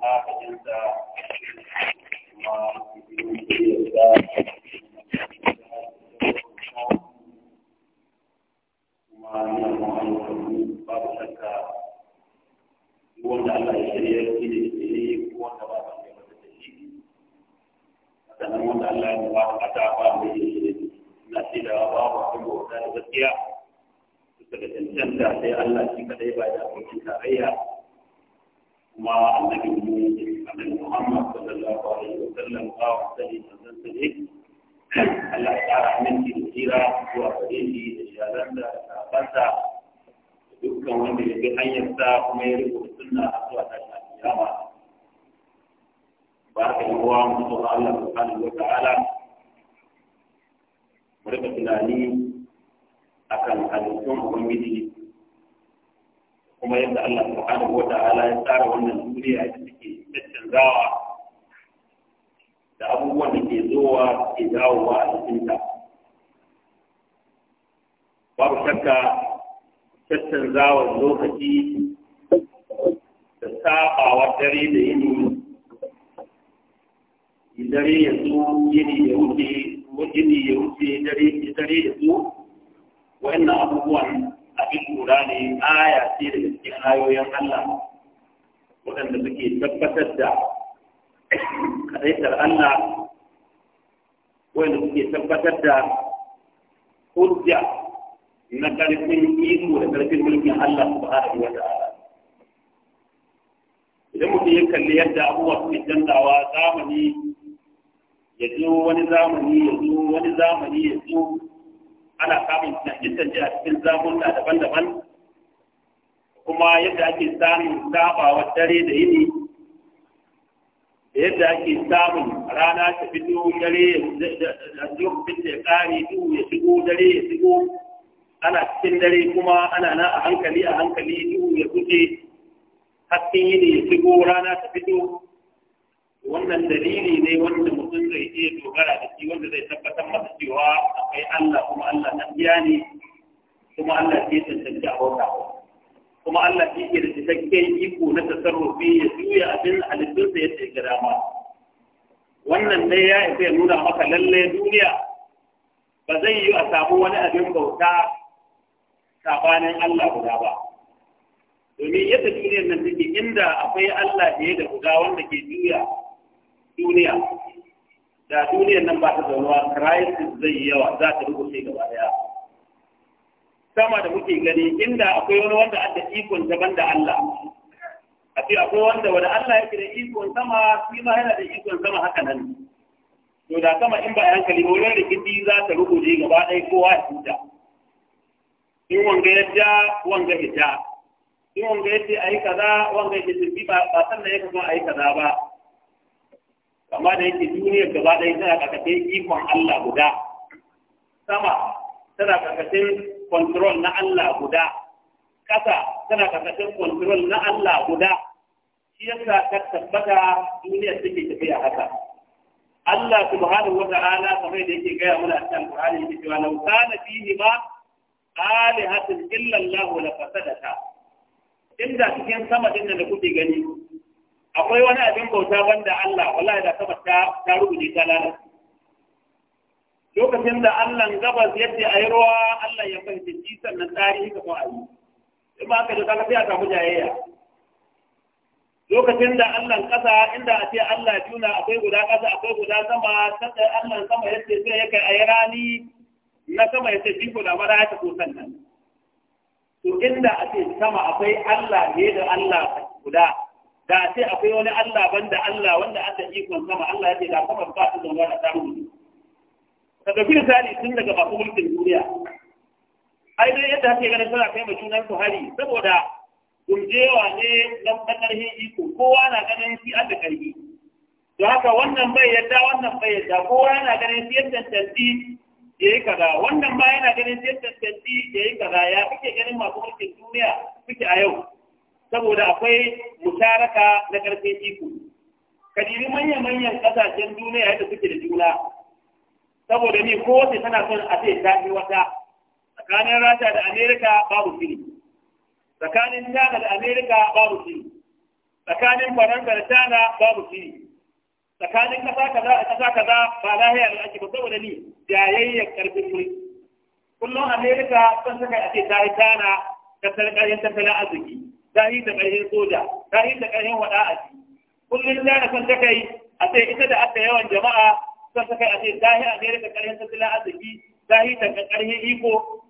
kuma ka jinsa kuma ما النبي محمد محمد صلى الله عليه وسلم قال سلي سلسلة الله تعالى منك الهيرة وفريدي الشهادة الشهادة dukkan wanda ya bi hanyarsa kuma ya riko sunna a zuwa ta kiyama ba ka yi ruwa mu tsoro Allah subhanahu wa ta'ala mu rika tunani akan halittun ubangiji kuma yadda Allah subhanahu wa ta'ala ya tsara wannan duniya da take zawa da abubuwan da ke zowa ke dawowa a cikin ta babu shakka zawa lokaci da sabawa dare da yini dare ya zo yini ya wuce yini ya wuce dare ya zo wa'annan abubuwan cikin kura ne aya ce da suke ayoyin Allah waɗanda suke tabbatar da kaɗaitar Allah waɗanda suke tabbatar da hujja na ƙarfin iko da ƙarfin mulkin Allah su ba a idan mutum ya kalli yadda abubuwa suke canzawa zamani ya zo wani zamani ya zo wani zamani ya zo ana samun tantance a cikin zamunta daban-daban kuma yadda ake samun sabawa dare da yini yadda ake samun rana ta fito dare da zurfin da kare duhu ya shigo dare ya shigo ana cikin dare kuma ana na a hankali a hankali duhu ya kuce hasken yini ya shigo rana ta fito wannan dalili ne wanda mutum zai iya dogara da shi wanda zai tabbatar masa cewa akwai Allah kuma Allah na biya ne kuma Allah ke tantance a bauta kuma Allah ke da cikakken iko na tasarrufi ya juya abin halittunsa yadda ya ga dama wannan dai ya isa ya nuna maka lalle duniya ba zai yi a samu wani abin bauta sabanin Allah guda ba domin yadda duniyar nan take inda akwai Allah da ya da guda wanda ke juya duniya da duniya nan ba ta zaunuwa crisis zai yi yawa za ta rubuce gaba daya sama da muke gani inda akwai wani wanda aka ikon daban da Allah a fi akwai wanda wani Allah yake da ikon sama shi ma yana da ikon sama haka nan to da sama in ba hankali ba wurin kiti za ta rubuce gaba ɗaya kowa ya huta in wanga ya ja wanga ya ja in wanga ya ce a yi kaza wanga ya ce ba sannan ya kasu a yi kaza ba kama da yake duniyar gaba ɗaya tana ƙarƙashin ikon Allah guda sama tana ƙarƙashin control na Allah guda ƙasa tana ƙarƙashin control na Allah guda shi yasa ta tabbata duniyar take tafiya haka Allah subhanahu wa ta'ala kamar da yake gaya mana a cikin Qur'ani yake cewa law kana fihi ma alihatun illa Allah la fasadata inda cikin sama din da kuke gani akwai wani abin bauta banda Allah wallahi da sama ta ta rubuce ta lokacin da Allah gabas yadda yi ruwa Allah ya fahimci shi sannan tarihi ka ko ayi in ba ka da ta sai a samu jayayya lokacin da Allah kasa inda a ce Allah juna akwai guda kasa akwai guda sama sai Allah sama yace sai yake yi rani na sama yace shi guda mara ta kusan nan to inda a ce sama akwai Allah ne da Allah guda da sai akwai wani Allah banda Allah wanda Allah ikon sama Allah ya ce da kuma ba su zama da samu daga bin sani tun daga masu mulkin duniya ai dai yadda ake ganin suna kai ma sunan su hari saboda gurjewa ne na karhin iko kowa na ganin shi an da karfi haka wannan bai yadda wannan bai yadda kowa yana ganin shi yadda tantanci ya yi kaza wannan ma yana ganin shi yadda tantanci ya yi kaza ya kike ganin masu mulkin duniya suke a yau saboda akwai musharaka na ƙarfin iko kadiri manya-manyan ƙasashen duniya yadda suke da juna saboda ni kowace tana son a ce ta fi wata tsakanin rasha da amerika babu shiri tsakanin china da amerika babu shiri tsakanin faranta da china babu shiri tsakanin kasa kaza da kasa kaza ba lahiya da ake ba saboda ni jayayyar ƙarfin mulki kullum amerika son saka a ce ta yi china kasar ƙarin tattalin arziki ta da ta ƙarfin soja ta da ta ƙarfin waɗa a kullum ta da son ta kai a ce ita da aka yawan jama'a son ta kai a ce ta yi amerika ƙarfin tattalin arziki ta da ta ƙarfin iko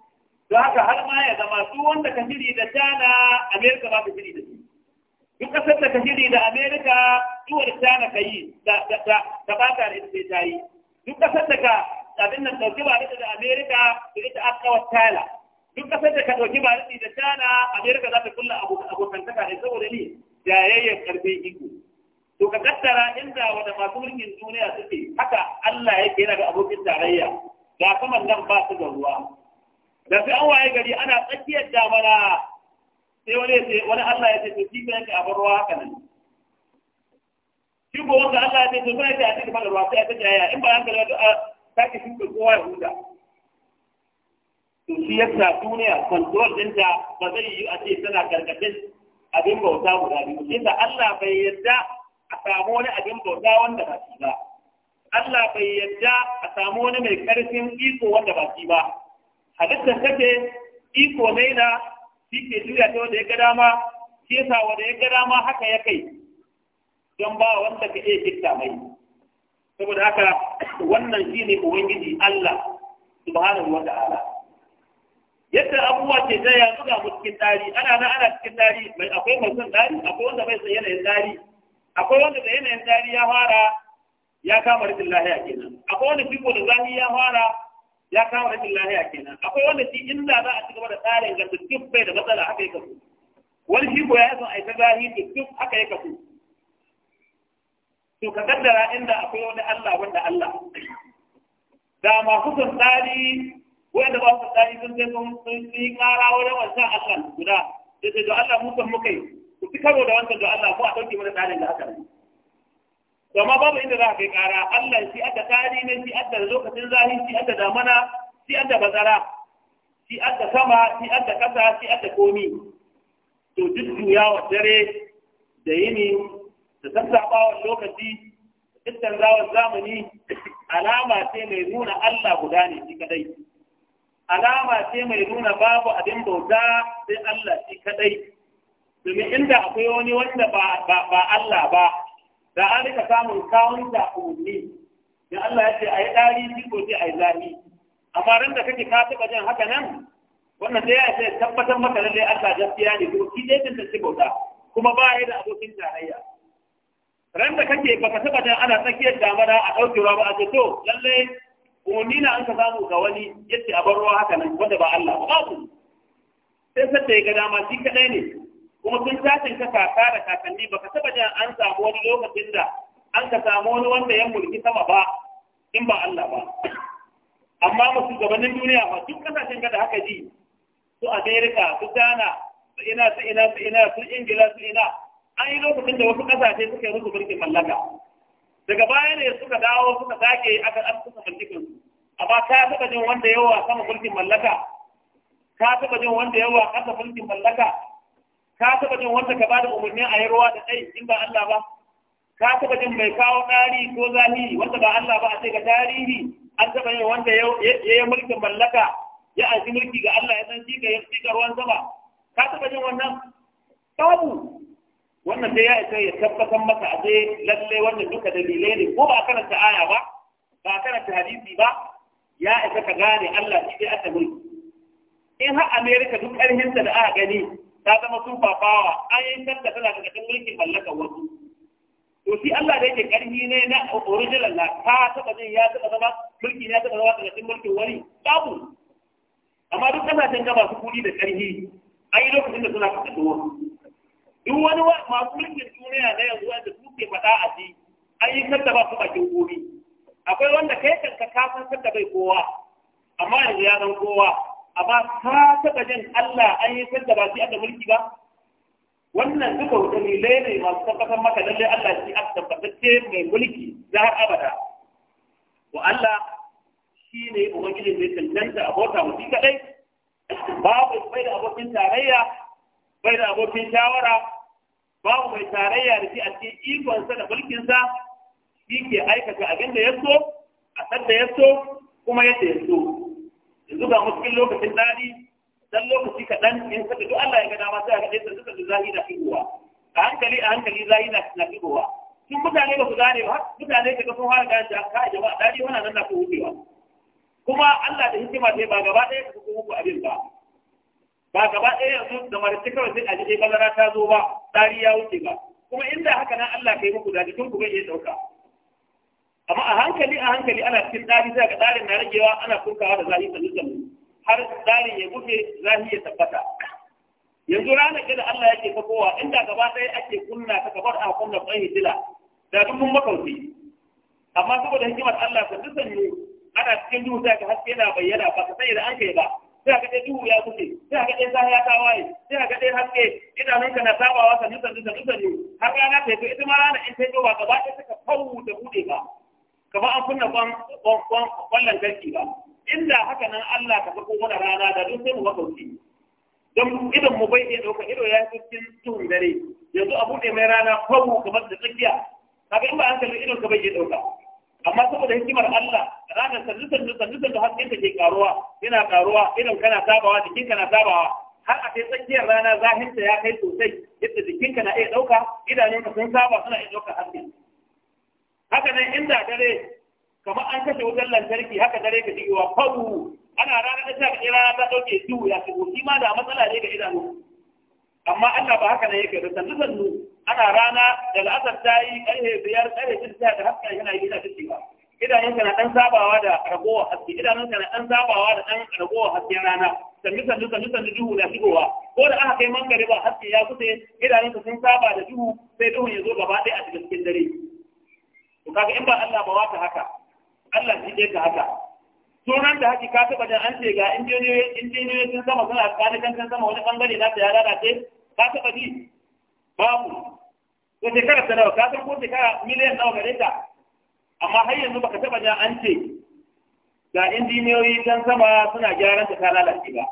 don haka har ma ya zama su wanda ka shiri da tana amerika ba ta shiri da su duk ƙasar da ka shiri da amerika duwar tana ka yi da ba ta da ita ta yi duk ƙasar da ka abin nan ɗauki ba da amerika da ita aka kawo tala duk kasar da ka ɗauki baridi da China Amerika za ta kulla abokantaka ne saboda ni yayyen karfin iko to ka kaddara inda wanda masu mulkin duniya suke haka Allah yake yana ga abokin tarayya ga saman nan ba su da ruwa da sai an waye gari ana tsakiyar damana sai wani ya wani Allah ya ce to shi ne yake abar ruwa haka nan shi ko wanda Allah ya ce to sai ya a cikin ruwa sai ya ce ya in ba an ga ta ki shuka kowa ya huda shi yasa duniya control dinta ba zai yi a ce tana gargadin abin bauta guda biyu inda Allah bai yadda a samu wani abin bauta wanda ba shi ba Allah bai yadda a samu wani mai karfin iko wanda ba shi ba halittar take iko ne na shi ke juya ta wanda ya ga dama shi yasa wanda ya ga dama haka ya kai don ba wanda ka iya kitta mai saboda haka wannan shine ubangiji Allah subhanahu wa ta'ala yadda abubuwa ke ta ya zuga mu cikin dari ana nan ana cikin tsari mai akwai mai tsari akwai wanda bai san yanayin tsari akwai wanda da yanayin tsari ya fara ya kama rikin lahiya kenan akwai wanda fiko da zani ya fara ya kama rikin lahiya kenan akwai wanda shi inda za a ci gaba da tsarin ga duk bai da matsala haka ya kafu wani fiko ya san aita zafi duk haka ya kafu to ka kaddara inda akwai wani Allah wanda Allah da masu son tsari wanda ba su tsari sun sai sun yi kara wajen wancan Allah guda da ce da Allah mutum muka yi ku fi karo da wancan da Allah ko a ɗauke mana tsarin da haka ne amma babu inda za ka kai kara Allah shi adda tsari ne shi adda lokacin zahi shi adda damana shi adda bazara shi adda sama shi adda ƙasa shi adda komi to duk juyawa dare da yini da sassaɓawar lokaci da tattanzawar zamani alama ce mai nuna Allah guda ne shi kadai alama ce mai nuna babu abin bauta sai Allah shi kadai domin inda akwai wani wanda ba Allah ba da an rika samun kawun da umarni da Allah ya ce a yi ɗari shi ko sai a yi zahi amma ran da kake ka taɓa jin haka nan wannan sai ya ce tabbatar maka lallai Allah gaskiya ne ko shi ne da shi bauta kuma ba ya da abokin tarayya ran da kake baka taɓa jin ana tsakiyar damana a ruwa ba a ce to lallai umarni na an ka samu ga wani yadda a bar ruwa haka nan wanda ba Allah ba babu sai sadda ya ga dama shi kadai ne kuma sun tashin ka kaka da kakanni baka taba jin an samu wani lokacin da an ka samu wani wanda ya mulki sama ba in ba Allah ba amma musu gabanin duniya ba duk kasashen ga da haka ji su America su Ghana su ina su ina su ina su Ingila su ina an yi lokacin da wasu kasashe suka yi musu mulkin mallaka daga baya ne suka dawo suka sake aka an suka mulkin su amma ka taba jin wanda yawa sama mulkin mallaka ka taba jin wanda yawa aka mulkin mallaka ka taba jin wanda ka bada umarni a yi ruwa da kai in ba Allah ba ka taba jin mai kawo dari ko zahiri wanda ba Allah ba a ce ga tarihi an taba yin wanda ya yi mulkin mallaka ya aji mulki ga Allah ya san shi ga ruwan sama ka taba jin wannan babu wannan dai ya isa ya tabbatar masa a dai lalle wannan duka dalilai ne ko ba a karanta aya ba ba a karanta hadisi ba ya isa ka gane Allah shi dai aka mulki in har America duk ƙarfin da aka gani ta zama super power an yi tanda tana daga cikin mulkin mallakar wasu to shi Allah da yake ƙarfi ne na original na ta taba zai ya taba zama mulki ne ya taba zama daga cikin mulkin wani babu amma duk kasashen gaba su kuli da ƙarfi an yi lokacin da suna fita wasu duk wani masu mulkin duniya na yanzu wanda suke faɗa a ji yi kanta ba su bakin gobe akwai wanda kai kanka ka san da bai kowa amma yanzu ya san kowa amma ka taɓa jin Allah an yi kanta ba shi aka mulki ba wannan duka dalilai ne masu tabbatar maka lallai Allah shi aka tabbatacce mai mulki za har abada wa Allah shi ne ubangiji mai tantance cancanta abota mutum kaɗai babu bai da abokin tarayya bai da abokin shawara babu mai tarayya da shi a cikin ikonsa da mulkinsa shi ke aikata abin da ya so a san da ya so kuma yadda ya so yanzu ga cikin lokacin daɗi dan lokaci kaɗan in saka duk Allah ya ga dama sai a kaɗai sai suka zahi na fitowa a hankali a hankali zahi na fi fitowa tun mutane ba su gane ba mutane ka ga sun fara gane da kai jama'a daɗi wannan nan na fi wucewa kuma Allah da hikima sai ba gaba ɗaya ka kuma ku abin ba ba gaba ɗaya yanzu da marasi kawai sai a jiɗe bazara ta zo ba tsari ya wuce ba kuma inda haka nan Allah kai muku daji jikin kuma iya ɗauka amma a hankali a hankali ana cikin tsari sai ga tsarin na ragewa ana kunkawa da zahi sannu sannu har tsarin ya bufe zahi ya tabbata yanzu ranar da Allah yake in inda gaba ɗaya ake kunna ta kabar a kunna ɗan hijila da duk mun amma saboda hikimar Allah ku dusanni ana cikin duhu sai ka haske na bayyana ba ka sai da an kai ba sai aka dai duhu ya kuce sai aka dai sahiya ta waye sai aka dai haske idanunka na sabawa sannu sannu sannu sannu har rana ta yi ita ma rana in ta yi ba gaba ɗaya suka fawu da buɗe ba kamar an kunna kwan lantarki ba inda haka nan Allah ka sako mana rana da duk sai mu makauci don idan mu bai iya ɗauka ido ya fi cikin tuhun dare yanzu a buɗe mai rana fawu kamar da tsakiya kaga in ba an kalli idon ka bai iya ɗauka amma saboda hikimar Allah ranar sannu sannu sannu da hakkin ta ke karuwa yana karuwa idan kana sabawa jikinka na sabawa har a kai tsakiyar rana zahinta ya kai sosai yadda jikinka na iya ɗauka idanunka sun saba suna iya ɗaukar haske haka nan inda dare kamar an kashe wutar lantarki haka dare ka ji wa fawu ana rana da shafi rana ta ɗauke duhu ya shigo shi ma da matsala ne ga idanu amma Allah ba haka nan yake da sannu sannu ana rana da la'asar ta yi karfe biyar karfe shida da haska yana yi ta cewa idanunka na ɗan sabawa da ragowar haske idanunka na ɗan sabawa da ɗan ragowar haske rana sannu sannu sannu sannu duhu na shigowa ko da aka kai mangare ba haske ya kusa idanunka sun saba da duhu sai duhun ya zo gaba ɗaya a cikin dare to kaga in ba Allah ba wata haka Allah shi ɗaya ka haka sunan da haki ka taɓa da an ce ga sun sama suna tsanikan sama wani bangare na ta ya lalace ka taɓa ji babu to shekara ta nawa ka san ko shekara miliyan nawa gare ta amma har yanzu baka taba ja an ce ga injiniyoyi can sama suna gyaran ta lalace ba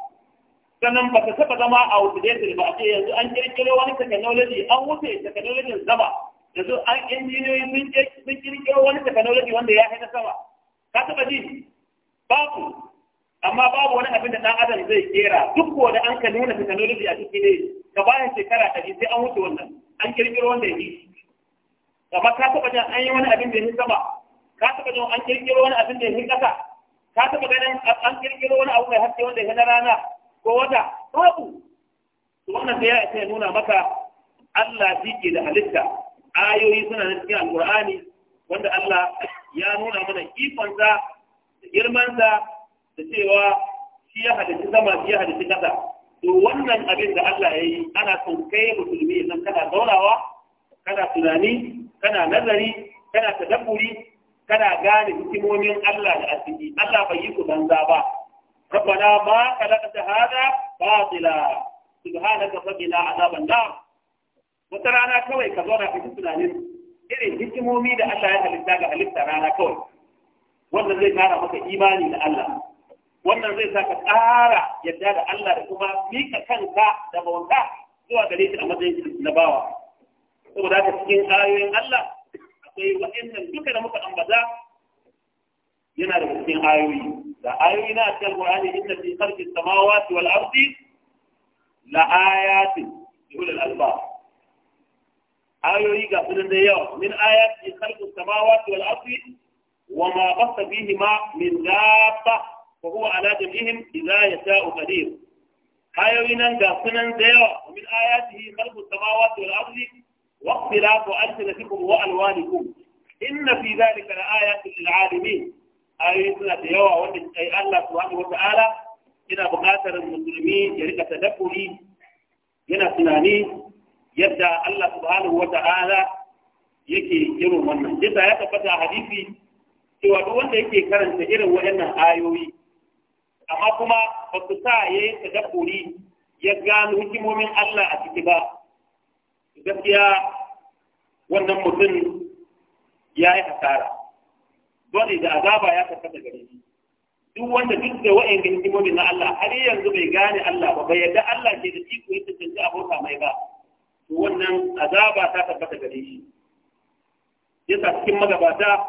sannan ba ka taba zama a outdated ba a ce yanzu an kirkiro wani technology an wuce technology zama yanzu an injiniyoyi sun kirkiro wani technology wanda ya haina sama ka taba ji babu amma babu wani abin da dan adam zai kera duk wanda an ka nuna technology a cikin ne ka bayan shekara ɗari sai an wuce wannan an kirkiro wanda ya yi amma ka taɓa jan an yi wani abin da ya sama ka taɓa jan an kirkiro wani abin da ya ƙasa ka taɓa ganin an kirkiro wani abu mai haske wanda ya na rana ko wata babu to wannan da ya ce nuna maka Allah shi ke da halitta ayoyi suna na cikin alƙur'ani wanda Allah ya nuna mana ikonsa da girmansa da cewa shi ya halitta sama shi ya halitta ƙasa wannan abin da Allah ya yi ana son kai musulmi nan kana zaunawa kana tunani kana nazari kana tadabburi kana gane hikimomin Allah da asiri Allah bai yi ku banza ba ربنا ما خلقت هذا باطلا سبحانك فقنا عذاب النار wata rana kawai ka zauna ka ji tunanin irin hikimomi da Allah ya halitta ga halitta rana kawai wanda zai kara maka imani da Allah wannan zai sa ka ƙara yadda da Allah da kuma mika kanka da bauta zuwa gare shi a matsayin na bawa saboda haka cikin ayoyin Allah akwai waɗannan duka da muka ambata yana da cikin ayoyi da ayoyi na cikin Qur'ani inna fi khalqis samawati wal ardi la ayatin li ulil albab ayoyi ga sunan da yawa min ayati khalqis samawati wal ardi wa ma basa ma min dabba fa huwa ala jam'ihim idza yasha'u qadir ayoyi nan ga sunan da yawa min ayatihi khalqu samawati wal ardi wa ikhtilafu alsinatikum wa alwanikum inna fi dhalika la ayatin lil alamin ayoyi suna da yawa wanda sai Allah subhanahu musulmi ya rika yana tunani yadda Allah subhanahu wa ta'ala yake irin wannan yadda ya tabbata a hadisi cewa duk wanda yake karanta irin waɗannan ayoyi amma kuma ba ku sa ya yi tadabburi ya gano hikimomin Allah a ciki ba gaskiya wannan mutum ya yi hasara dole da azaba ya tabbata gare shi duk wanda duk da wa'in hikimomin na Allah har yanzu bai gane Allah ba bai yadda Allah ke da iko ya tantance abota mai ba wannan azaba ta tabbata gare shi yasa cikin magabata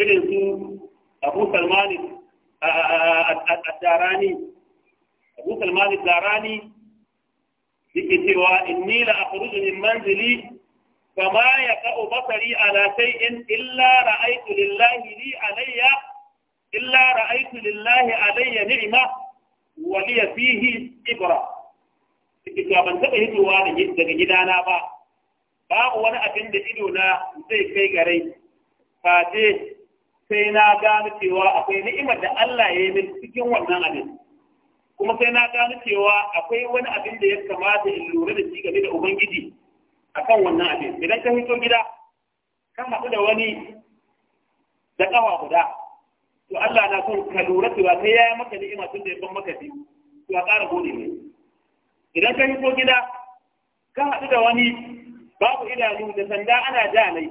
irin su Abu salmanin الداراني أبو سلمان الداراني بكتوى إني لأخرج من منزلي فما يقع بصري على شيء إلا رأيت لله لي علي إلا رأيت لله علي نعمة ولي فيه إبرة cewa ban taɓa hitowa daga gidana ba, babu wani abin da idona zai kai gare, fate sai na gane cewa akwai ni'imar da Allah ya yi min cikin wannan abin kuma sai na gane cewa akwai wani abin da ya kamata in lura da shi game da ubangiji akan wannan abin idan ka fito gida ka haɗu da wani da ƙawa guda to Allah na son ka lura cewa sai ya yi maka ni'ima tun da ya ban maka biyu to a ƙara gode ne idan ka fito gida ka haɗu da wani babu idanu da sanda ana ja nai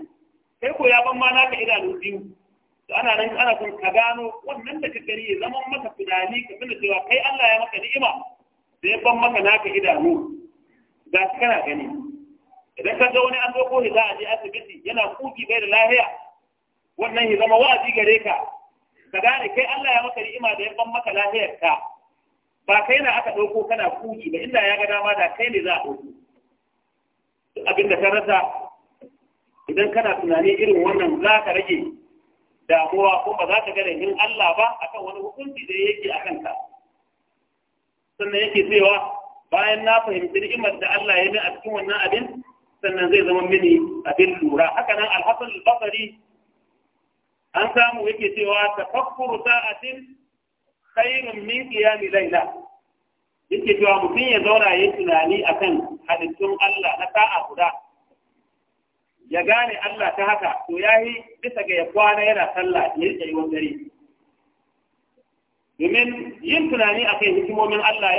sai ko ya ban ma naka idanu biyu ana nan ana kun ka gano wannan da ka gani ya zama maka tunani ka tuna cewa kai Allah ya maka ni'ima da ban maka naka idanu ga shi kana gani idan ka ga wani an zo ko za a je asibiti yana kuki bai da lafiya wannan ya zama wa'azi gare ka ka gane kai Allah ya maka ni'ima da ya ban maka lafiyar ka ba kai na aka ɗauko kana kuki ba illa ya ga dama da kai ne za a dauko abinda ka rasa idan kana tunani irin wannan za ka rage damuwa ko ba za ka ga laifin Allah ba akan wani hukunci da yake a kanka sannan yake cewa bayan na fahimci ni'imar da Allah ya yi a cikin wannan abin sannan zai zama mini abin lura haka nan alhassan al-basri an samu yake cewa tafakkuru sa'atin khairun min qiyami layla yake cewa mutum ya zauna ya tunani akan halittun Allah na sa'a guda ya gane Allah ta haka to ya yi bisa ga ya kwana yana sallah ya yi tsayuwar dare domin yin tunani a kai hikimomin Allah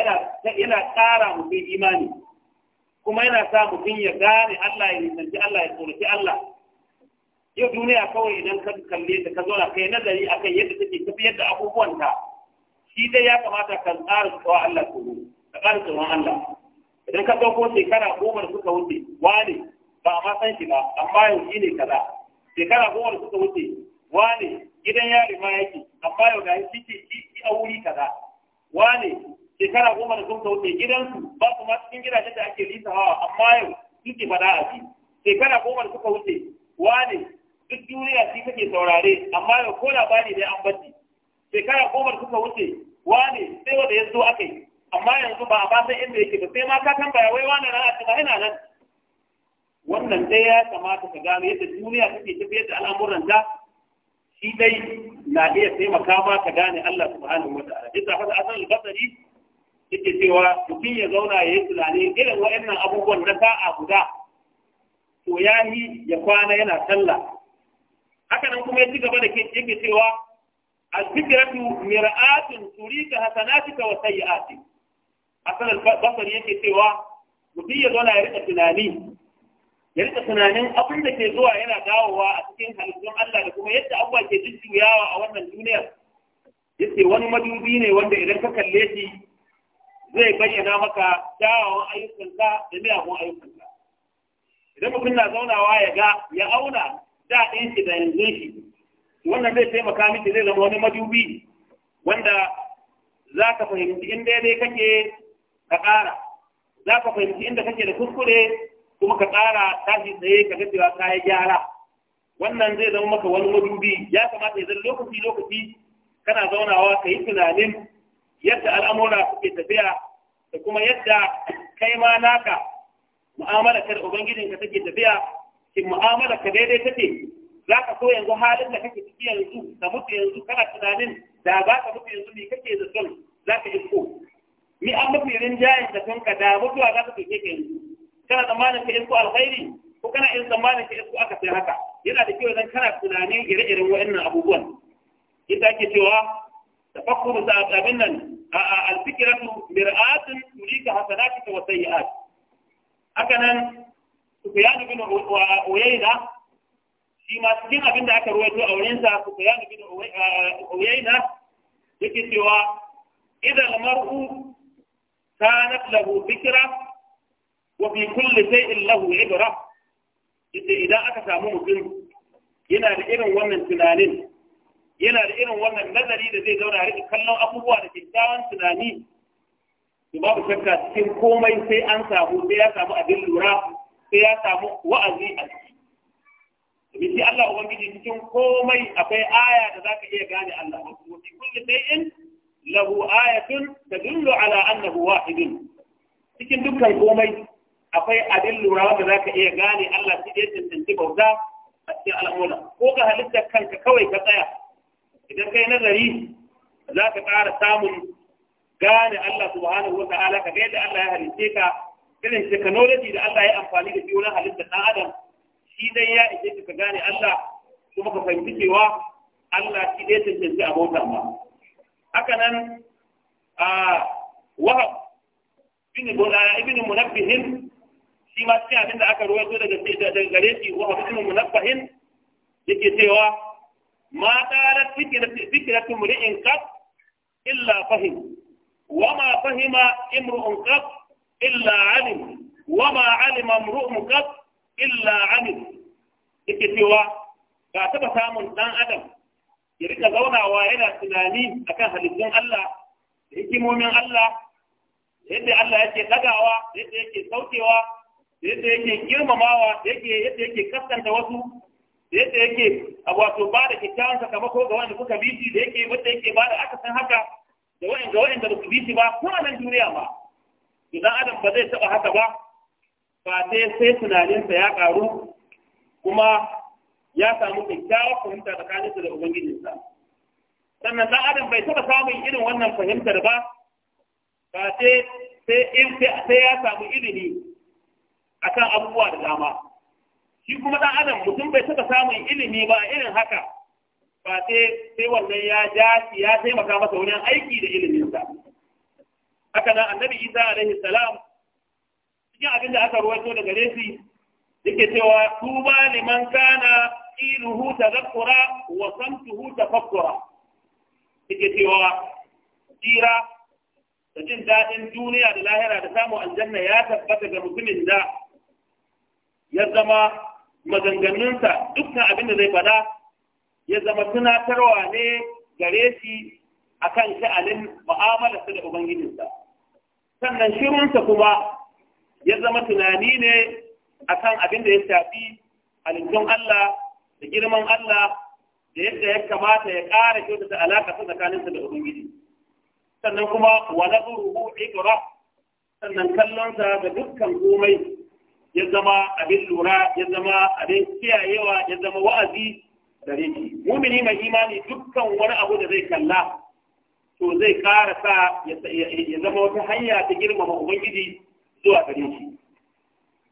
yana ƙara mutum imani kuma yana sa mutum ya gane Allah ya nisanci Allah ya tsoraci Allah yau duniya kawai idan ka kalle ta ka zauna kai nazari akan yadda take yadda abubuwan ta shi dai ya kamata ka tsara tsawa Allah tsoro ka tsara tsoron Allah idan ka ɗauko shekara goma da suka wuce wane ba a ma san shi ba amma yau shi ne kaza shekara goma da suka wuce wane gidan yari ma yake amma yau ga shi ce shi a wuri kaza wane shekara goma da suka wuce gidansu ba su ma cikin gidajen da ake lisa hawa amma yau ke fada a shi. shekara goma da suka wuce wane duk duniya shi kake saurare amma yau ko labari dai an bacci shekara goma da suka wuce wane sai wanda ya zo aka yi amma yanzu ba a ba san inda yake ba sai ma ka tambaya wai wane na a ba ina nan wannan dai ya kamata ka gano yadda duniya take tafiyar da al'amuran ta shi dai na iya taimaka ma ka gane Allah subhanahu wa ta'ala bisa fasa asan al basri yake cewa mutum ya zauna ya yi tunani irin wa'annan abubuwan na sa'a guda to ya yi ya kwana yana sallah haka nan kuma ya ci gaba da yake cewa al-fikratu mir'atun turika hasanatika wa sayyi'atik asan al basri yake cewa mutum ya zauna ya rika tunani ya tunanin abin da ke zuwa yana dawowa a cikin halittun Allah da kuma yadda abuwa ke jujjuyawa a wannan duniyar Yake wani madubi ne wanda idan ka kalle shi zai bayyana maka kyawawan ayyukanka da miyagun ayyukanka idan mutum na zaunawa ya ga ya auna daɗin shi da yanzu shi wannan zai taimaka miki zai zama wani madubi wanda za ka fahimci in daidai kake ka ƙara za ka fahimci inda kake da kuskure kuma ka tsara tashi tsaye ka ga cewa ka yi gyara wannan zai zama maka wani madubi ya kamata ya zama lokaci lokaci kana zaunawa ka yi tunanin yadda al'amura suke tafiya da kuma yadda kai ma naka mu'amala ka da ka take tafiya ki mu'amala ka daidai take za ka so yanzu halin da kake ciki yanzu da mutu yanzu kana tunanin da za ka mutu yanzu me kake da son za ka isko ni an mafi rinjayen da ka da mutuwa za ka ɗauke ka yanzu kana tsammanin ka isko alkhairi ko kana in tsammanin ka isko aka sai haka yana da kyau idan kana tunanin ire-iren waɗannan abubuwan ita ake cewa tafakkuru sa abin nan a alfikiratu mir'atun tulika hasanatika wa sayyi'at haka nan sufyan bin uyayna shi ma cikin abin da aka ruwaito a wurin sa sufyan bin uyayna yake cewa idan mar'u kanat lahu fikra wa fi kulli shay'in lahu ibra idan aka samu mutum yana da irin wannan tunanin yana da irin wannan nazari da zai zauna rika kallon abubuwa da kyakkyawan tunani to babu shakka cikin komai sai an samu sai ya samu abin lura sai ya samu wa'azi a ciki domin shi Allah ubangiji cikin komai akwai aya da zaka iya gane Allah wa fi kulli lahu ayatun ala cikin dukkan komai akwai abin lura wanda za ka iya gane Allah shi ɗaya cancanci bauta a cikin al'amura ko ka halittar kanka kawai ka tsaya idan kai nazari za ka ƙara samun gane Allah subhanahu wa ta'ala ka ga yadda Allah ya halitte ka irin technology da Allah ya amfani da shi wurin halitta ɗan adam shi dai ya ishe ka gane Allah kuma ka fahimci cewa Allah shi dai cancanci a bauta ma haka nan a wahab ibn munabbihin shi ma cikin abin da aka ruwaito daga daga gare shi wa abdul munabbahin yake cewa ma tarat fikratu mri'in qat illa fahim wa ma fahima imru'un qat illa alim wa ma alima imru'un qat illa alim yake cewa ba taba samun dan adam ya rika zaunawa yana tunani akan halittun Allah da hikimomin Allah yadda Allah yake dagawa yadda yake saukewa yadda yake girmamawa yadda yake kaskanta wasu yadda yake wato ba da kyakkyawan sakamako ga wanda suka bishi da yake wanda yake ba da san haka da wa'in ga wa'in da ba su ba kuma nan duniya ba idan adam ba zai taɓa haka ba ba sai sai tunaninsa ya karu kuma ya samu kyakkyawar fahimta kanin da ubangijinsa sannan dan adam bai taɓa samun irin wannan fahimtar ba ba sai sai ya samu ilimi akan abubuwa da dama shi kuma ɗan adam mutum bai taɓa samun ilimi ba irin haka ba sai sai wannan ya ja ya taimaka masa wurin aiki da iliminsa haka nan annabi isa alaihi salam cikin abin da aka ruwaito daga gare shi yake cewa tuba liman kana iluhu tadhakkura wa samtuhu tafakkura yake cewa tsira da jin daɗin duniya da lahira da samun aljanna ya tabbata ga mutumin da ya zama maganganunsa dukkan abin da zai faɗa ya zama tunatarwa ne gare shi akan sha'anin mu'amalarsa da ubangijinsa sannan shirinsa kuma ya zama tunani ne a kan abin da ya shafi halittun Allah da girman Allah da yadda ya kamata ya ƙara kyautata alaƙa ta tsakaninsa da Ubangiji. Sannan kuma wa nazuruhu iqra sannan kallonsa da dukkan komai ya zama abin lura ya zama abin kiyayewa ya zama wa'azi gare shi mumini mai imani dukkan wani abu da zai kalla to zai ƙara sa ya zama wata hanya ta girmama ubangiji zuwa gare shi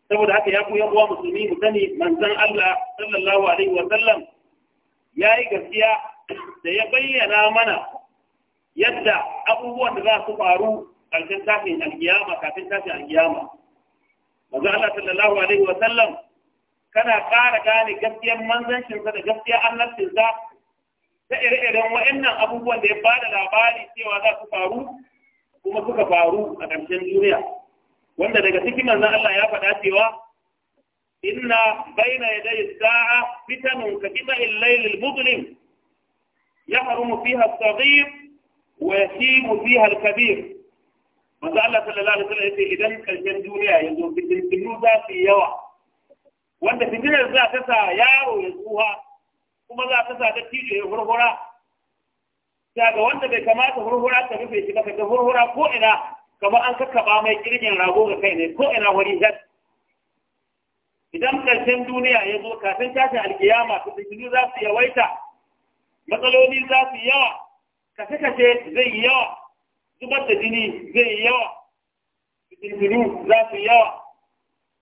saboda haka ya koyan uwa musulmi mu sani manzon Allah sallallahu alaihi wa sallam yayi gaskiya da ya bayyana mana yadda abubuwan da za su faru ƙarshen alkiyama kafin tashin alkiyama manzo Allah sallallahu alaihi wa sallam kana ƙara gane gaskiyar manzancin da gaskiyar annabcin sa ta ire-iren wa'annan abubuwan da ya bada labari cewa za su faru kuma suka faru a ƙarshen duniya wanda daga cikin manzan Allah ya faɗa cewa inna baina yaday sa'a fitanun ka al-layl al-mudlim yahrumu fiha as-saghir wa yashimu fiha al-kabir manzo Allah sallallahu alaihi wasallam yace idan karshen duniya ya zo fitinu za su yi yawa wanda fitinar za ta sa yaro ya tsuha kuma za ta sa ta tijo ya hurhura Ya ga wanda bai kamata hurhura ta rufe shi ba ta hurhura ko ina kamar an kakkaba mai kirgin rago ga kai ne ko ina wani zai idan karshen duniya ya zo kafin tashin alkiyama su fitilu za su yawaita matsaloli za su yawa kashe-kashe zai yi yawa zubar da jini zai yawa fitintunu za su yawa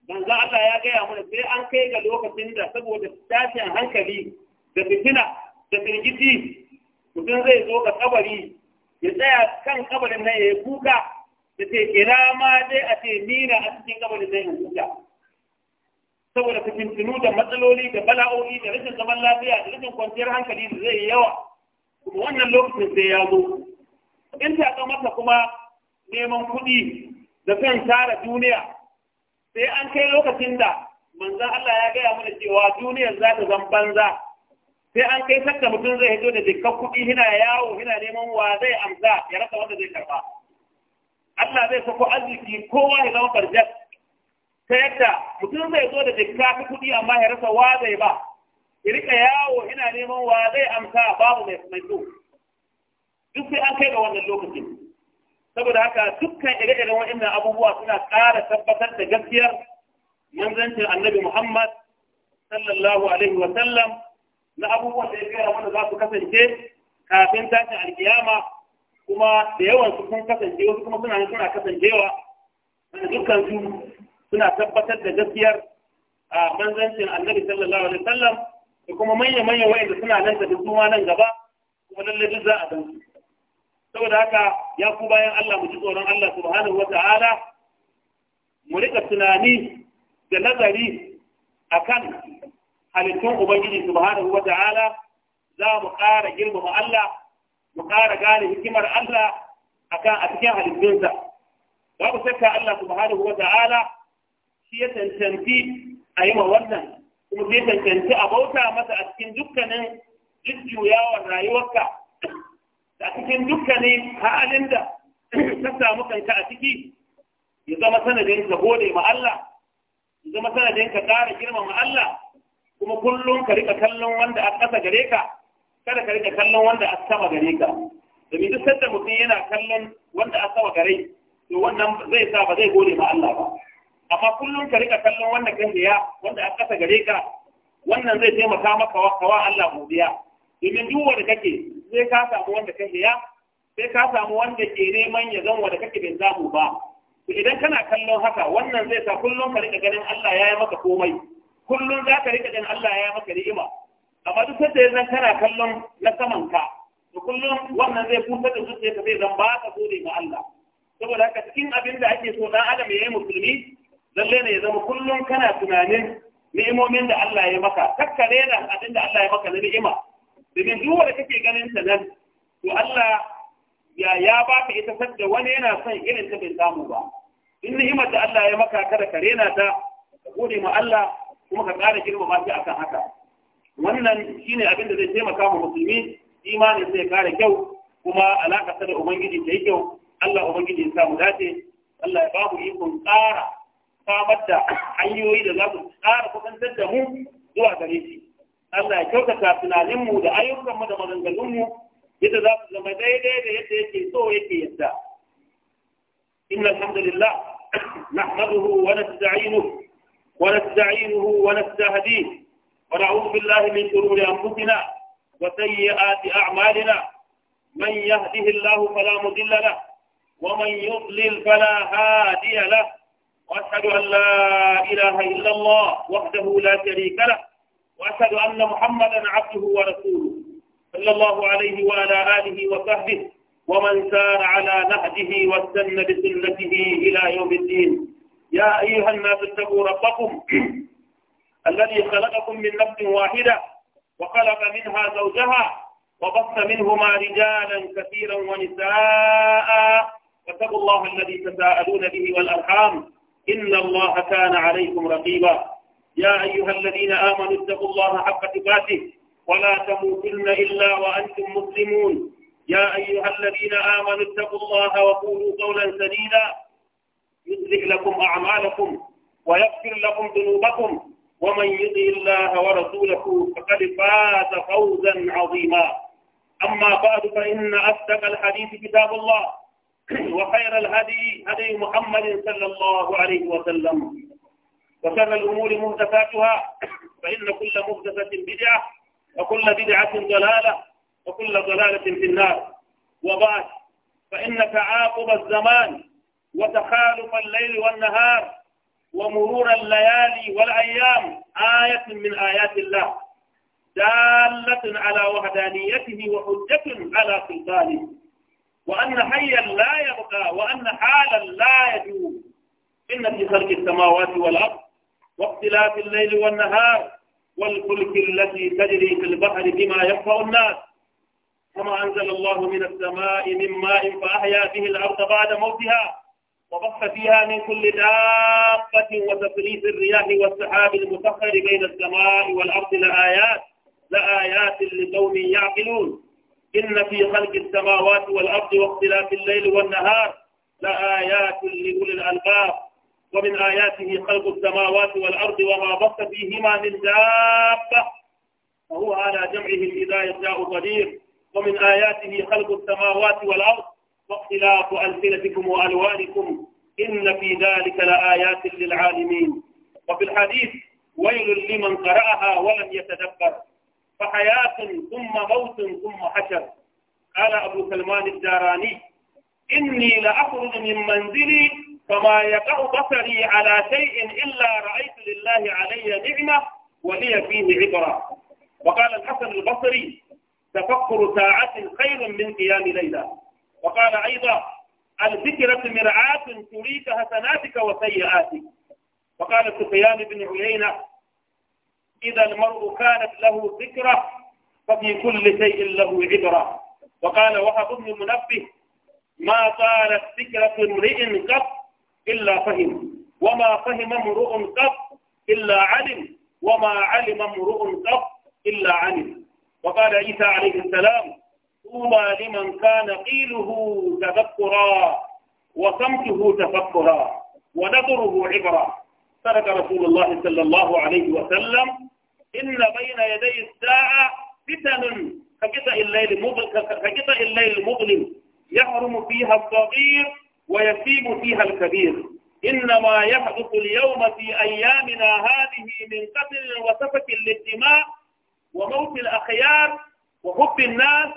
za Allah ya gaya mana sai an kai ga lokacin da saboda tashin hankali da fitina da firgiti mutum zai zo ga kabari ya tsaya kan kabarin nan ya kuka da ce kira ma dai a ce nina a cikin kabarin nan ya kuka saboda fitintunu da matsaloli da bala'o'i da rashin zaman lafiya da rashin kwanciyar hankali da zai yawa kuma wannan lokacin sai ya zo in ta ga masa kuma neman kuɗi da kan tara duniya sai an kai lokacin da manzan Allah ya gaya mana cewa duniyar za ta zan banza sai an kai sakka mutum zai hito da dukkan kuɗi hina yawo hina neman wa zai amsa ya rasa wanda zai karba Allah zai sako arziki kowa ya zama barjat ta yadda mutum zai zo da dukka ta kuɗi amma ya rasa wa zai ba ya rika yawo hina neman wa zai amsa babu mai so duk sai an kai ga wannan lokacin saboda haka dukkan ire-iren waɗannan abubuwa suna ƙara tabbatar da gaskiyar manzancin annabi Muhammad sallallahu alaihi wa sallam na abubuwan da ya gaya mana za su kasance kafin tashin alkiyama kuma da yawan su sun kasance wasu kuma suna suna kasancewa wanda dukkan su suna tabbatar da gaskiyar a manzancin annabi sallallahu alaihi wa sallam da kuma manya-manya wa'anda suna nan da duk nan gaba kuma lallai duk za a dan saboda haka ya ku bayan Allah mu ji tsoron Allah subhanahu wata'ala mu rika tunani da nazari akan halittun ubangiji subhanahu wata'ala za mu ƙara girmama Allah mu ƙara gane hikimar Allah akan a cikin halittunsa babu shakka Allah subhanahu wata'ala shi ya tantanci a yi ma wannan kuma zai tantanci a bauta masa a cikin dukkanin jujjuyawar rayuwarka a cikin dukkanin halin da ta samu kanka a ciki ya zama sanadin ka gode ma Allah ya zama sanadin ka ƙara girmama Allah kuma kullum ka rika kallon wanda a ƙasa gare ka kada ka rika kallon wanda a sama gare ka domin duk sanda mutum yana kallon wanda a sama gare to wannan zai sa ba zai gode ma Allah ba amma kullum ka rika kallon wanda kan ya wanda a ƙasa gare ka wannan zai taimaka maka wa Allah godiya domin duk wanda kake sai ka samu wanda ka hiya sai ka samu wanda ke neman ya zan wanda kake bai samu ba to idan kana kallon haka wannan zai sa kullum ka rika ganin Allah ya yi maka komai kullum za ka rika ganin Allah ya yi maka ni'ima amma duk da zan kana kallon na saman ka to kullum wannan zai kusa da zuciya ka zai zan ba ka gode ga Allah saboda haka cikin abin da ake so dan adam ya yi musulmi lalle ne ya zama kullum kana tunanin ni'imomin da Allah ya maka kakkare da abin da Allah ya maka na ni'ima domin duk da kake ganin ta nan to Allah ya ya baka ita sadda wani yana son irin ta bai samu ba in ni'imar da Allah ya maka kada ka rena ta ka gode ma Allah kuma ka ƙara girmama shi akan haka wannan shine abin da zai taimaka ma musulmi imani sai ƙara kyau kuma alaƙa ta da ubangiji ta yi kyau Allah ubangiji ya samu dace Allah ya babu ikon ƙara samar da hanyoyi da za su ƙara kusantar da mu zuwa gare shi Allah ya kyautata tunaninmu da ayyukanmu da maganganunmu yadda za su zama daidai da yadda yake so yake yadda inna alhamdulillah nahmaduhu wa nasta'inuhu wa nasta'inuhu wa nastahdihi wa na'udhu billahi min shururi anfusina wa sayyiati a'malina man yahdihillahu fala mudilla lahu wa man yudlil fala hadiya lahu واشهد ان لا اله الا الله وحده لا شريك له وأشهد أن محمدا عبده ورسوله صلى الله عليه وعلى آله وصحبه ومن سار على نهجه واستنى بسنته إلى يوم الدين يا أيها الناس اتقوا ربكم الذي خلقكم من نفس واحدة وخلق منها زوجها وبث منهما رجالا كثيرا ونساء واتقوا الله الذي تساءلون به والأرحام إن الله كان عليكم رقيبا يا أيها الذين آمنوا اتقوا الله حق تقاته ولا تموتن إلا وأنتم مسلمون يا أيها الذين آمنوا اتقوا الله وقولوا قولا سديدا يصلح لكم أعمالكم ويغفر لكم ذنوبكم ومن يطع الله ورسوله فقد فاز فوزا عظيما أما بعد فإن أصدق الحديث كتاب الله وخير الهدي هدي محمد صلى الله عليه وسلم وشر الأمور مهدفاتها فإن كل مهدفة بدعة وكل بدعة ضلالة وكل ضلالة في النار وبعد فإن تعاقب الزمان وتخالف الليل والنهار ومرور الليالي والأيام آية من آيات الله دالة على وحدانيته وحجة على سلطانه وأن حيا لا يبقى وأن حالا لا يجوز إن في خلق السماوات والأرض واختلاف الليل والنهار والفلك التي تجري في البحر بما ينفع الناس كما أنزل الله من السماء من ماء فأحيا به الأرض بعد موتها وبث فيها من كل دابة وتفريس الرياح والسحاب المسخر بين السماء والأرض لآيات لآيات لقوم يعقلون إن في خلق السماوات والأرض واختلاف الليل والنهار لآيات لأولي الألباب ومن آياته خلق السماوات والأرض وما بث فيهما من دابة وهو على جمعهم إذا يشاء قدير ومن آياته خلق السماوات والأرض واختلاف ألسنتكم وألوانكم إن في ذلك لآيات للعالمين وفي الحديث ويل لمن قرأها ولم يتدبر فحياة ثم موت ثم حشر قال أبو سلمان الداراني إني لأخرج من منزلي فما يقع بصري على شيء إلا رأيت لله علي نعمة ولي فيه عبرة وقال الحسن البصري تفكر ساعة خير من قيام ليلة وقال أيضا الفكرة مرعاة تريك حسناتك وسيئاتك وقال سفيان بن عيينة إذا المرء كانت له ذكرة ففي كل شيء له عبرة وقال وهب بن منبه ما طالت ذكرة امرئ قط إلا فهم وما فهم امرؤ قط إلا علم وما علم امرؤ قط إلا علم وقال عيسى عليه السلام طوبى لمن كان قيله تذكرا وصمته تفكرا ونظره عبرا ترك رسول الله صلى الله عليه وسلم إن بين يدي الساعة فتن كقطع الليل المظلم يحرم فيها الصغير ويسيب فيها الكبير إنما يحدث اليوم في أيامنا هذه من قتل وسفك للدماء وموت الأخيار وحب الناس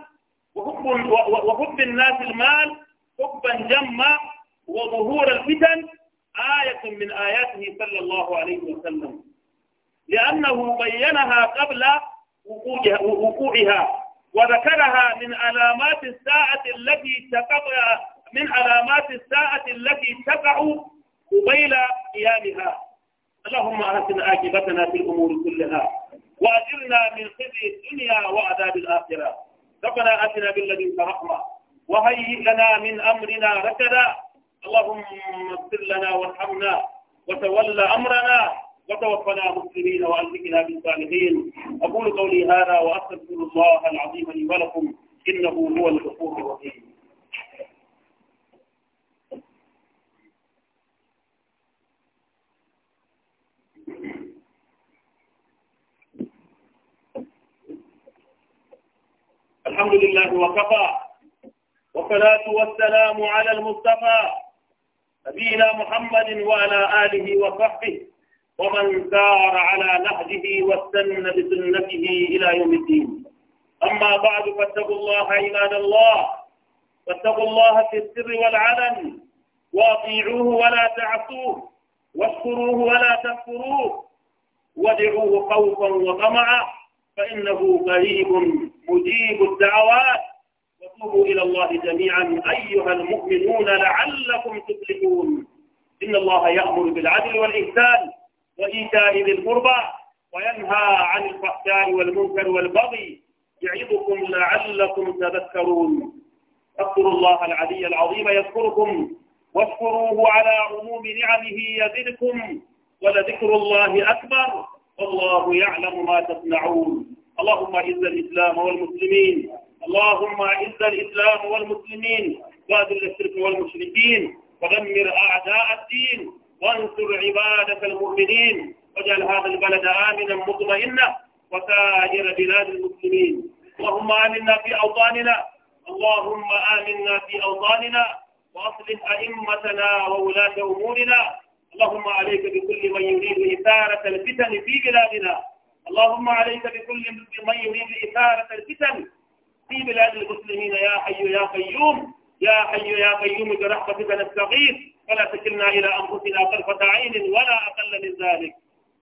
وحب, وحب الناس المال حبا جما وظهور الفتن آية من آياته صلى الله عليه وسلم لأنه بينها قبل وقوعها وذكرها من علامات الساعة التي تقطع من علامات الساعة التي تقع قبيل قيامها اللهم أحسن عاقبتنا في الأمور كلها وأجرنا من خزي الدنيا وعذاب الآخرة ربنا أتنا بالذي أنت رحمة وهيئ لنا من أمرنا ركدا اللهم اغفر لنا وارحمنا وتول أمرنا وتوفنا مسلمين وألحقنا بالصالحين أقول قولي هذا وأستغفر الله العظيم لي ولكم إنه هو الغفور الرحيم الحمد لله وكفى والصلاة والسلام على المصطفى نبينا محمد وعلى آله وصحبه ومن سار على نهجه واستن بسنته إلى يوم الدين أما بعد فاتقوا الله عباد الله فاتقوا الله في السر والعلن واطيعوه ولا تعصوه واشكروه ولا تكفروه وادعوه خوفا وطمعا فإنه قريب مجيب الدعوات وتوبوا إلى الله جميعا أيها المؤمنون لعلكم تفلحون إن الله يأمر بالعدل والإحسان وإيتاء ذي القربى وينهى عن الفحشاء والمنكر والبغي يعظكم لعلكم تذكرون اذكروا الله العلي العظيم يذكركم واشكروه على عموم نعمه يزدكم ولذكر الله أكبر والله يعلم ما تصنعون اللهم اعز الإسلام والمسلمين اللهم اعز الإسلام والمسلمين واذل الشرك والمشركين ودمر أعداء الدين وانصر عبادك المؤمنين واجعل هذا البلد آمنا مطمئنا وسائر بلاد المسلمين اللهم آمنا في أوطاننا اللهم آمنا في أوطاننا وأصلح أئمتنا وولاة أمورنا اللهم عليك بكل من يريد إثارة الفتن في بلادنا اللهم عليك بكل من يريد إثارة الفتن في بلاد المسلمين يا حي يا قيوم يا حي يا قيوم برحمتك نستغيث ولا تكلنا إلى أنفسنا طرفة عين ولا أقل من ذلك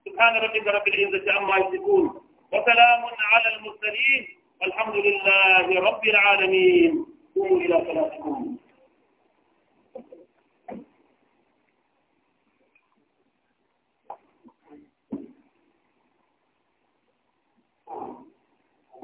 سبحان ربك رب العزة عما يصفون وسلام على المرسلين والحمد لله رب العالمين قوموا إلى صلاتكم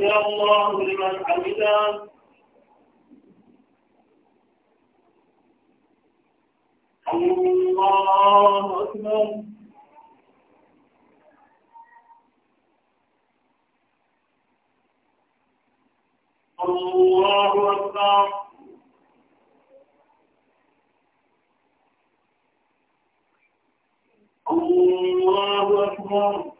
يا الله لمن حمده الله أكبر الله أكبر الله أكبر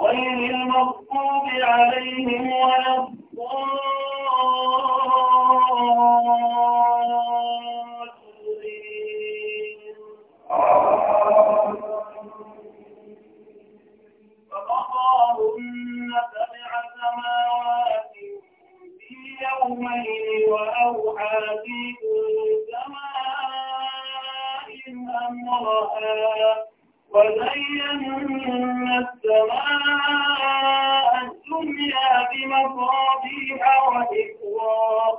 غير المغضوب عليهم ولا الضالين فقضاهن سبع سماوات في يومين وأوحى في كل أمرها وزينا السماء الدنيا بمصابيح وإكرام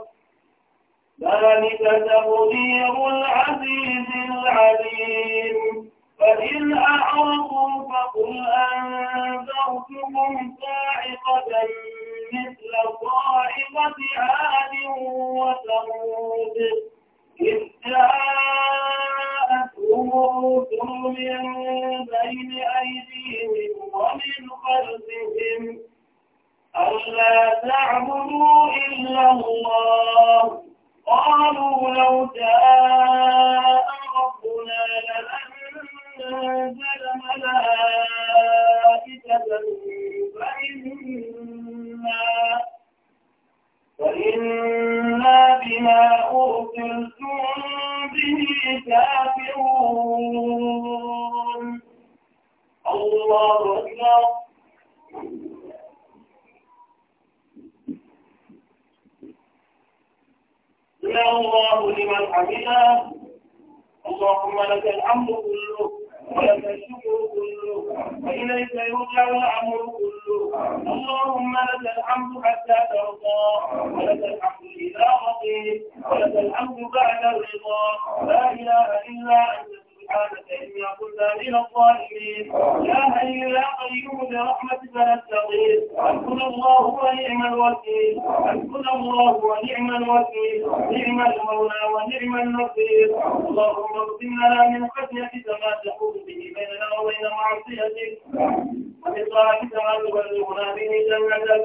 ذلك تقدير العزيز العليم فإن أعرضوا فقل أنذرتكم صاعقة مثل صاعقة عاد وثمود إذ جاء خذوه من بين أيديهم ومن خلفهم ألا تعبدوا إلا الله قالوا لو جاء ربنا لأنزل ملائكة فإنا وإنا بما أرسلتم به كافرون الله أكبر الله لمن حمده اللهم لك الحمد كله ولتشكر كله وإليك يرجع الأمر كله اللهم لك الحمد حتى ترضى ولك الحمد إذا رضيت ولك الحمد بعد الرضا لا إله إلا أنت سبحانك إنا كنا من الظالمين يا حي يا الله ونعم الوكيل حسبنا الله ونعم الوكيل نعم المولى ونعم النصير اللهم اغفر لنا من خشيتك ما تحول وأدخلنا هذه الجنة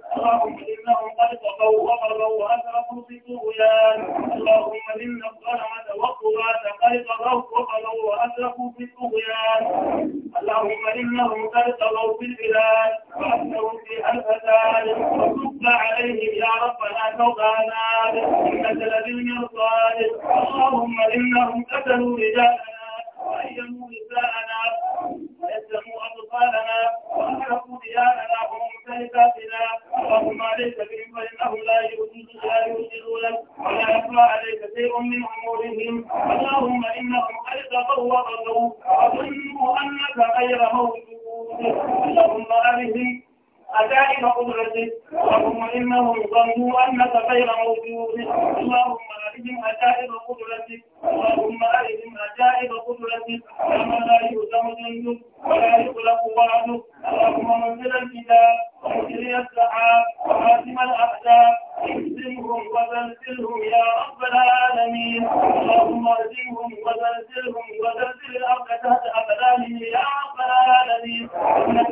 اللهم إنهم قد طغوا وغروا وأسرفوا في طغيان اللهم إن الظلمة والطغاة قد طغوا وغروا وأسرفوا في الطغيان اللهم إنهم قد طغوا في البلاد وأكثروا فيها الفساد وتب عليهم يا ربنا توبانا إنك لمن الصالح اللهم إنهم قتلوا رجالنا وأيموا نساءنا ويسلموا أبطالنا وأحرقوا ديارنا وممتلكاتنا اللهم عليك بهم فإنهم لا يرشدون ولا يخفى عليك شيء من أمورهم اللهم إنهم قد تطوروا وظنوا أنك غير موجود اللهم أرهم أدائمهم قدرتك اللهم إنهم ظنوا أنك غير موجود اللهم أرهم أجائب قدرتك اللهم أرهم أجائب قدرتك كما لا يهزم جندك ولا يغلق وعدك اللهم منزل الكتاب ومجري السحاب وحاسم الأحزاب اهزمهم وزلزلهم يا رب العالمين اللهم اهزمهم وزلزلهم وزلزل الأرض تحت أقدامهم يا رب العالمين إنك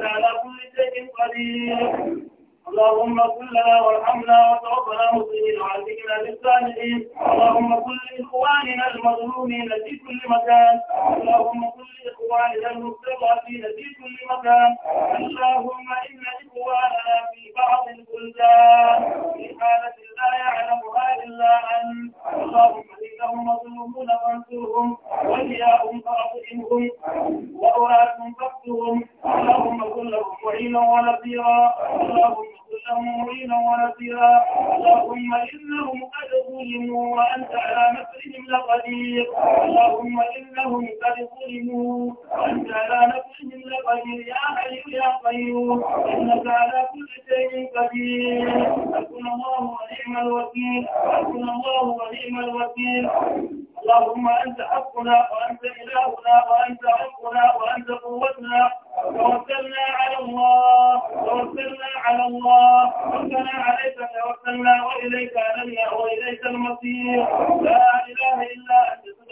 اللهم كن لنا وارحمنا وتوفنا مسلمين وعزينا للسامعين اللهم كن لاخواننا المظلومين في كل مكان اللهم كن لاخواننا المستضعفين في كل مكان اللهم ان اخواننا في بعض البلدان في حاله لا يعلمها الا انت اللهم أولئك مظلومون وانصرهم وإياهم فأطئمهم وأولاكم فاكتهم اللهم كن لهم معينا ونصيرا اللهم كن لهم معينا ونصيرا اللهم إنهم قد ظلموا وأنت على نصرهم لقدير اللهم إنهم قد ظلموا وأنت على نصرهم لقدير يا حي يا قيوم إنك على كل شيء قدير حسبنا الله ونعم الوكيل حسبنا الله ونعم الوكيل اللهم أنت حقنا وأنت إلهنا وأنت حقنا وأنت قوتنا توكلنا على الله توكلنا على الله توكلنا عليك توكلنا وإليك أننا وإليك المصير لا إله إلا أنت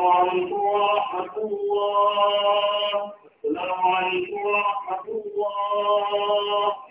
Allah.